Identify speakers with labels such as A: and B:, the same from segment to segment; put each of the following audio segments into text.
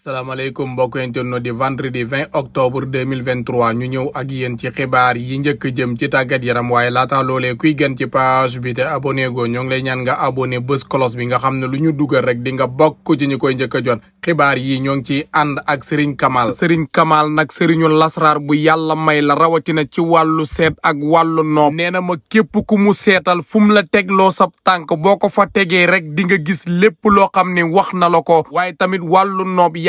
A: salaamaaleykum mbokk internet di vendredi 20 octobre 2023 ñu ñëw ak yéen ci xibaar yi njëkk jëm ci tàggat yaram waaye laata loolee kuy gën ci page bi te abonné ñoo ngi lay ñaan nga abonné bés cloche bi nga xam ne lu ñu dugal rek di nga bokk ci ñi koy njëkk a xibaar yi ñoo ngi ci ànd ak Serigne Kamal Serigne Kamal nag Serigne lasraar bu yàlla may la rawatina ci wàllu seet ak wàllu noom nee na ma képp ku mu seetal fu mu la tegloo sab tànk boo ko fa tegee rek di nga gis lépp loo xam ne wax na la ko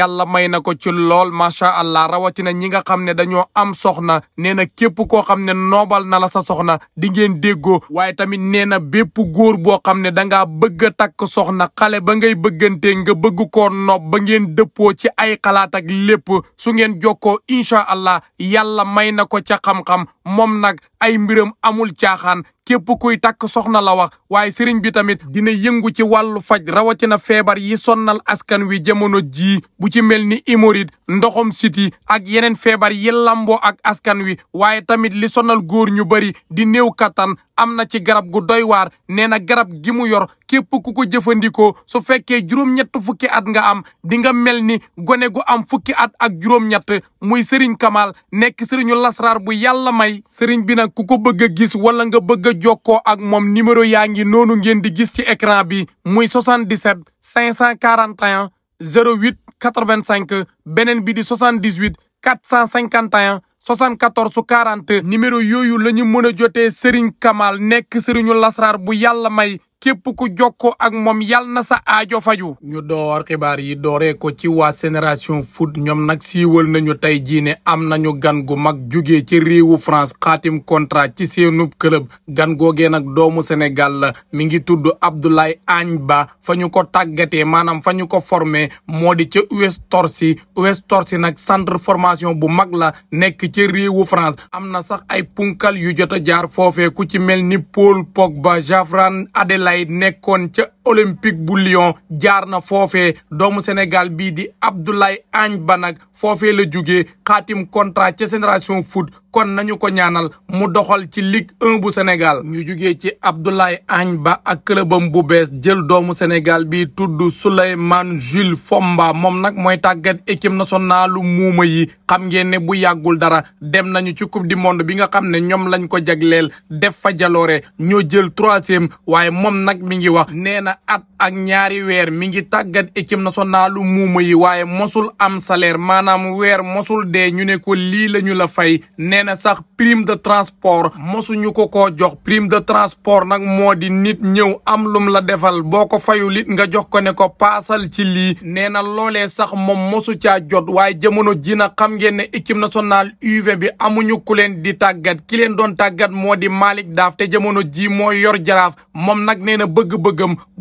A: yàlla may na ko ci lool macha allah rawatina ñi nga xam ne dañoo am soxna nee na képp koo xam ne noobal na la sa soxna di ngeen déggoo waaye tamit nee na bépp góor boo xam ne dangaa bëgg a takk soxna xale ba ngay bëggante nga bëgg koo noob ba ngeen dëppoo ci ay xalaat ak lépp su ngeen jokkoo incha allah yàlla may na ko ca xamxam xam moom nag ay mbiram amul caaxaan képp kuy takk soxna la wax waaye sëriñ bi tamit dina yëngu ci wàllu faj rawatina feebar yi sonnal askan wi jamono jii bu ci mel ni imorit ndoxum siti ak yeneen feebar yi làmboo ak askan wi waaye tamit li sonal góor ñu bari di néew kattan am na ci garab gu doy waar nee na garab gi mu yor képp ku ko jëfandikoo su fekkee juróom-ñett fukki at nga am di nga mel ni gone gu am fukki at ak juróom-ñett muy Serigne Kamal nekk Serigne lasraar bu yàlla may Serigne bi nag ku ko bëgg gis wala nga bëgg a jokkoo ak moom numéro yaa ngi noonu ngeen di gis ci écran bi muy 77 541 08 quatre beneen bi di soixante-dix-huit quatre cent cinquante et un 74 40 numéro yooyu la ñu mën a jotee Serigne Kamal nekk Serigne Lasrar bu yàlla may képp ku jokkoo ak moom yal na sa aajo faju ñu door xibaar yi dooree ko ci waa génération foot ñoom nag siiwal nañu tey jii ne am nañu gan gu mag jugee ci réewu France xaatim contrat ci seenub club gan googee nag doomu Sénégal la mi ngi tudd Abdoulaye Agne Ba fa ñu ko tàggatee maanaam fa ñu ko formé moo di ca US Torcy US Torcy nag centre formation bu mag la nekk ci réewu France am na sax ay punkal yu jot a jaar foofee ku ci mel ni Paul Pogba Jafran Adelaide lay nekkoon ca olympique bu Lyon jaar na foofee doomu Sénégal bii di Abdoulaye Agne ba nag foofee la jugee xaatim contrat ca génération foot kon nañu ko ñaanal mu doxal ci Ligue 1 bu Sénégal ñu jugee ci Abdoulaye Agne ba ak clubam bu bees jël doomu Sénégal bi tudd Souleymane Jules Fomba moom nag mooy tàggat équipe nationale muuma yi xam ngeen ne bu yàggul dara dem nañu ci coupe du monde bi nga xam ne ñoom lañ ko jagleel def fa jaloore ñoo jël troisième waaye moom nag mi ngi wax na at ak ñaari weer mi ngi tàggat équipe nationale muuma yi waaye mosul am salaire maanaam weer mosul de ñu ne ko lii la ñu la fay nee na sax prime de transport mosuñu ko ko jox prime de transport nag moo di nit ñëw am lum la defal boo ko fayul it nga jox ko ne ko paasal ci lii nee na loolee sax moom mosu caa jot waaye jamono ji na xam ngeen ne équipe nationale U20 bi amuñu ku leen di tàggat ki leen doon tàggat moo di Malick Daaf te jamono ji moo yor jaraaf moom nag nee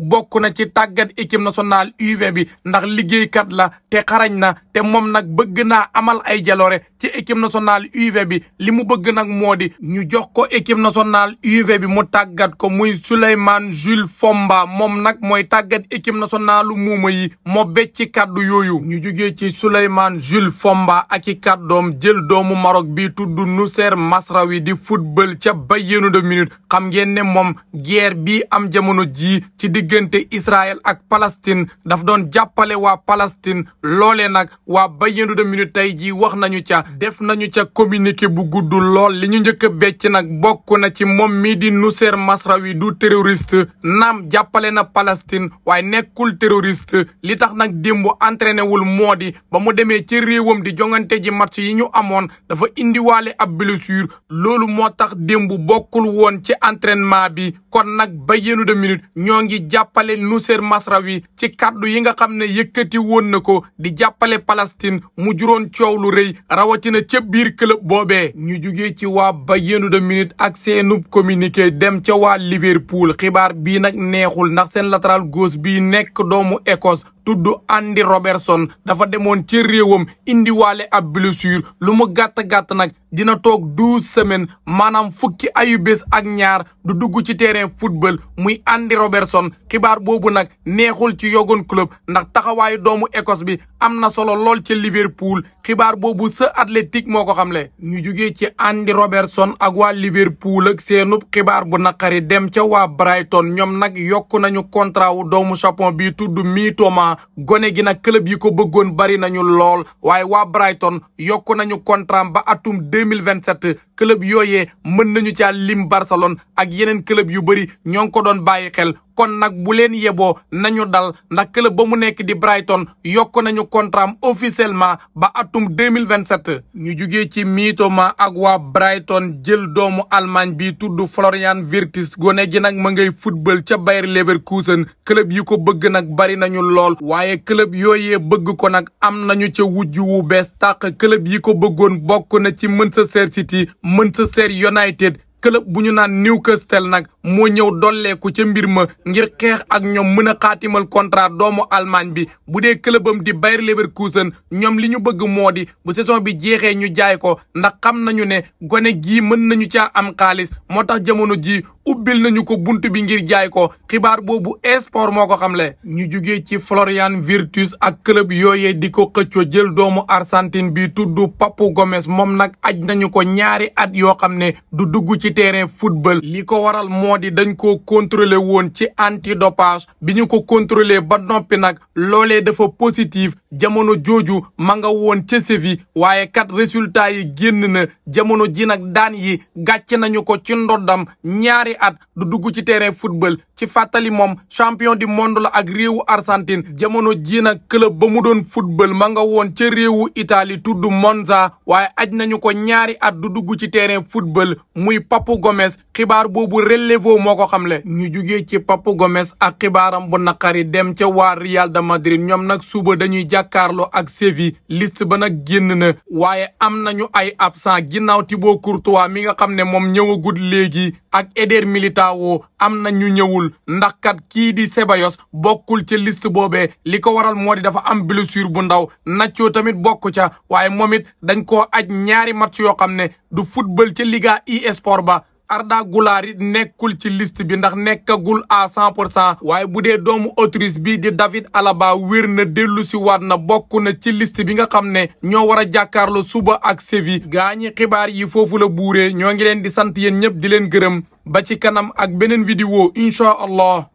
A: bokk na ci tàggat équipe national U20 bi ndax liggéeykat la te xarañ na te moom nag bëgg naa amal ay jaloore ci équipe national u bi li mu bëgg nag moo di ñu jox ko équipe national u bi mu tàggat ko muy Souleymane Jules Fomba moom nag mooy tàggat équipe nationale muuma yi moo becc ci kàddu yooyu ñu jógee ci Souleymane Jules Fomba ak i doom jël doomu Maroc bi tudd Noussair Masraoui di football ca Bayern de Munich xam ngeen ne moom guerre bi am jamono ji ci digg diggante Israël ak Palestine daf doon jàppale waa Palestine loole nag waa Bayenu de minute tey jii wax nañu ca def nañu ca communiqué bu guddu lool li ñu njëkk becc nag bokk na ci moom mii di Nusayr wi du terroriste naam jàppale na palastine waaye nekkul terroriste li tax nag démb entraîné wul moo di ba mu demee ci réewam di jongante ji match yi ñu amoon dafa indiwaale ab blessure loolu moo tax démb bokkul woon ci entraînement bi kon nag Bayenu de minute ñoo jàppale Nusayr Masrawi ci kàddu yi nga xam ne yëkkati woon na ko di jàppale Palestine mu juróon coow lu rëy rawatina ca biir club boobee ñu jugee ci waa Bayern de Munich ak seenub communiqué dem ca waa Liverpool xibaar bii nag neexul ndax seen latéral gauche bii nekk doomu Écosse tudd Andy Robertson dafa demoon ci réewam indiwaale ab blessure lu mu gàtt-gàtt nag dina toog douze semaines maanaam fukki ayu bés ak ñaar du dugg ci terrain football muy Andy Robertson xibaar boobu nag neexul ci yogoon club ndax taxawaayu doomu Écosse bi am na solo lool ci Liverpool xibaar boobu sa Athletic moo ko xamle ñu jugee ci Andy Robertson ak waa Liverpool ak seenub xibaar bu naqari dem ca waa Brighton ñoom nag yokku nañu contrat wu doomu Japon bi tudd mi Thomas gone gi nag club yi ko bëggoon bari nañu lool waaye waa Brighton yokku nañu contrat ba atum 2027 club yooyee mën nañu caa lim Barcelone ak yeneen club yu bëri ñoo ngi ko doon bàyyi xel kon nag bu leen yeboo nañu dal ndax club ba mu nekk di Brighton yokk nañu contrat officiellement ba atum 2027 ñu jugee ci Mitoma ak waa Brighton jël doomu Allemagne bi tudd Florian Wirtz gone gi nag ma ngay football ca Bayer Leverkusen club yi ko bëgg nag bari nañu lool waaye club yooyee bëgg ko nag am nañu ca wujj wu bees tàq club yi ko bëggoon bokk na ci Manchester City Manchester United club bu ñu naan Newcastle nag moo ñëw dolleeku ca mbir ma ngir xeex ak ñoom mën a xaatimal contrat doomu Allemagne bi bu dee clubam di Bayer Leverkusen ñoom li ñu bëgg moo di bu saison bi jeexee ñu jaay ko ndax xam nañu ne gone gii mën nañu caa am xaalis moo tax jamono jii ubbil nañu ko bunt bi ngir jaay ko xibaar boobu esport moo ko xam xamle. ñu jugee ci Florian Virtus ak club yooyee di ko xëccoo jël doomu Argentine bi tudd Papu Gómez moom nag aj nañu ko ñaari at yoo xam ne du dugg ci terrain football li ko waral moo di dañ ko contrôlé woon ci antidopage bi ñu ko contrôlé ba noppi nag loolee dafa positive jamono jooju ma nga woon ca Séville waaye kat résultat yi génn na jamono ji nag daan yi gàcce nañu ko ci ndoddam ñaari at du dugg ci terrain football ci fàttali moom champion di monde la ak réewu Argentine jamono ji nag club ba mu doon football ma nga woon ca réewu itali tudd Monza waaye aj nañu ko ñaari at du dugg ci terrain football muy Papu Gomez xibaar boobu relevé l'info moo ko xamle ñu jugee ci Papu Gomes ak xibaaram bu naqari dem ca waa Real de Madrid ñoom nag suba dañuy jàkkaarloo ak sevi liste ba nag génn na waaye am nañu ay absent ginnaaw Thibaut Courtois mi nga xam ne moom ñëwagul léegi ak Eder Militão am na ñu ñëwul ndax kat kii di Ceballos bokkul ca liste boobe li ko waral moo di dafa am blessure bu ndaw Nacho tamit bokku ca waaye moom it dañ koo aj ñaari match yoo xam ne du football ca Liga e-sport ba Arda Goulart nekkul ci list bi ndax nekkagul à cent pour cent waaye bu dee doomu Autriche bi di David Alaba wér na dellu si waat na bokk na ci list bi nga xam ne ñoo war a jàkkaarloo suba ak Séville gaa ñi xibaar yi foofu la buuree ñoo ngi leen di sant yéen ñëpp di leen gërëm ba ci kanam ak beneen vidéo incha allah